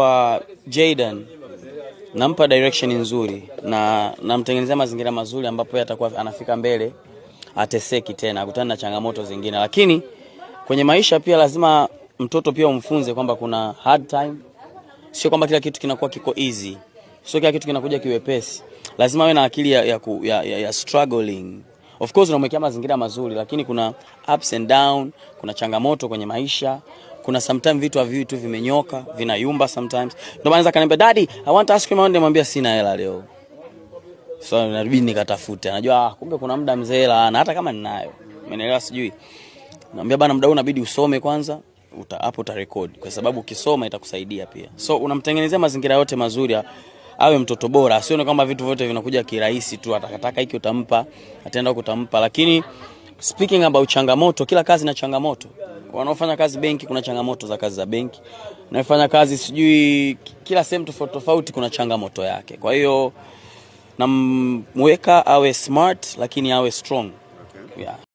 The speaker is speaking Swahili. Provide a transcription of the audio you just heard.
Kwa Jaden nampa direction nzuri na namtengenezea mazingira mazuri ambapo yeye atakuwa anafika mbele, ateseki tena, akutane na changamoto zingine. Lakini kwenye maisha pia lazima mtoto pia umfunze kwamba kuna hard time, sio kwamba kila kitu kinakuwa kiko easy, sio kila kitu kinakuja kiwepesi. Lazima awe na akili ya, ya, ya, ya struggling Of course unamwekea mazingira mazuri, lakini kuna ups and down, kuna changamoto kwenye maisha, kuna sometimes vitu haviwi tu vimenyoka, vinayumba sometimes. Ndio maana akaniambia daddy, I want to ask you money, nimwambia sina hela leo. So inabidi nikatafute. Anajua ah, kumbe kuna muda mzee hela ana hata kama ninayo. Umeelewa sijui. Naambia bana, mdau unabidi usome kwanza hapo uta, utarekodi kwa sababu ukisoma itakusaidia pia. So unamtengenezea mazingira yote mazuri ya, awe mtoto bora, asione kwamba vitu vyote vinakuja kirahisi tu, atakataka hiki utampa, ataenda kutampa. Lakini speaking about changamoto, kila kazi na changamoto. Wanaofanya kazi benki, kuna changamoto za kazi za benki, naofanya kazi sijui, kila sehemu tofauti tofauti kuna changamoto yake. Kwa hiyo namweka awe smart, lakini awe strong, okay. yeah.